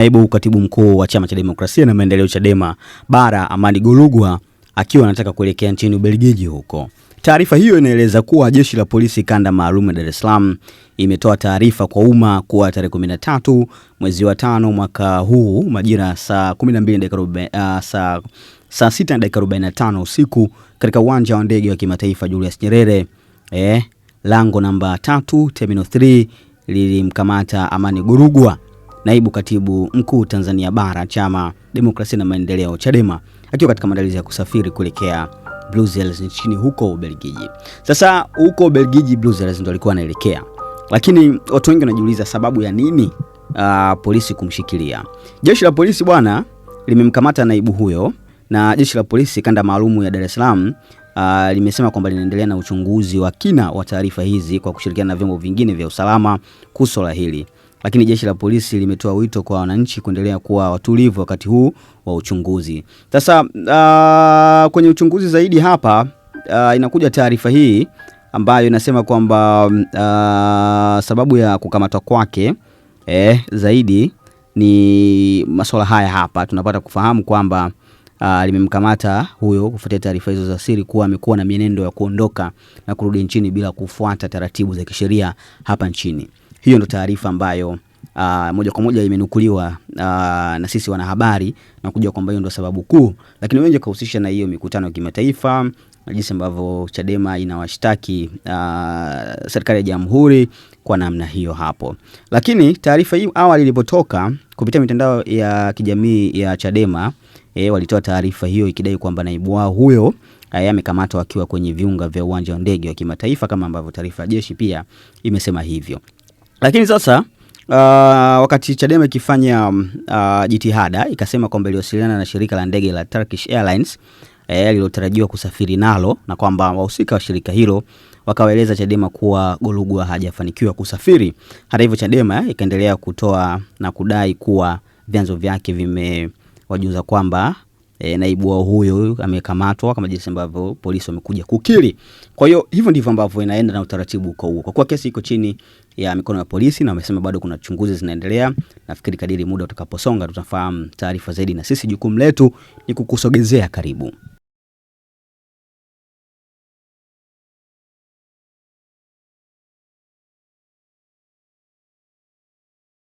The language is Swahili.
Naibu katibu mkuu wa chama cha demokrasia na maendeleo Chadema bara Amani Golugwa akiwa anataka kuelekea nchini Ubelgiji huko. Taarifa hiyo inaeleza kuwa jeshi la polisi kanda maalum ya Dar es Salaam imetoa taarifa kwa umma kuwa tarehe 13 mwezi wa tano mwaka huu majira saa 12 ah, saa saa sita na dakika 45 usiku katika uwanja wa ndege wa kimataifa Julius Nyerere eh, lango namba 3 terminal 3 lilimkamata Amani Golugwa naibu katibu mkuu Tanzania Bara, Chama Demokrasia na Maendeleo, CHADEMA, akiwa katika maandalizi ya kusafiri kuelekea Brussels nchini huko Ubelgiji. Sasa huko Ubelgiji, Brussels ndo alikuwa anaelekea, lakini watu wengi wanajiuliza sababu ya nini uh, polisi kumshikilia. Jeshi la polisi bwana limemkamata naibu huyo, na jeshi la polisi kanda maalumu ya Dar es Salaam Uh, limesema kwamba linaendelea na uchunguzi wa kina wa taarifa hizi kwa kushirikiana na vyombo vingine vya usalama kuhusu swala hili. Lakini jeshi la polisi limetoa wito kwa wananchi kuendelea kuwa watulivu wakati huu wa uchunguzi. Sasa uh, kwenye uchunguzi zaidi hapa uh, inakuja taarifa hii ambayo inasema kwamba uh, sababu ya kukamatwa kwake eh, zaidi ni masuala haya hapa. Tunapata kufahamu kwamba uh, limemkamata huyo kufuatia taarifa hizo za siri kuwa amekuwa na mienendo ya kuondoka na kurudi nchini bila kufuata taratibu za kisheria hapa nchini. Hiyo ndo taarifa ambayo Uh, moja kwa moja imenukuliwa uh, na sisi wanahabari na kujua kwamba hiyo ndo sababu kuu, lakini wengi wakahusisha na hiyo mikutano ya kimataifa na jinsi ambavyo Chadema inawashtaki uh, serikali ya Jamhuri kwa namna hiyo hapo. Lakini taarifa hii awali ilipotoka kupitia mitandao ya kijamii ya Chadema eh, walitoa taarifa hiyo ikidai kwamba naibu wao huyo eh, amekamatwa akiwa kwenye viunga vya uwanja wa ndege wa kimataifa kama ambavyo taarifa ya jeshi pia imesema hivyo. Lakini sasa Uh, wakati Chadema ikifanya um, uh, jitihada ikasema kwamba iliwasiliana na shirika la ndege la Turkish Airlines eh, kusafiri nalo na kwamba wahusika wa shirika hilo wakawaeleza Chadema kuwa Golugwa hajafanikiwa kusafiri. Hata hivyo, Chadema ikaendelea kutoa na kudai kuwa vyanzo vyake vimewajuza kwamba eh, naibu wao huyo amekamatwa kama jinsi ambavyo polisi wamekuja kukiri. Kwa hiyo hivyo ndivyo ambavyo inaenda na utaratibu uko huo, kwa kuwa kesi iko chini ya mikono ya polisi, na wamesema bado kuna chunguzi zinaendelea. Nafikiri kadiri muda utakaposonga tutafahamu taarifa zaidi, na sisi jukumu letu ni kukusogezea karibu.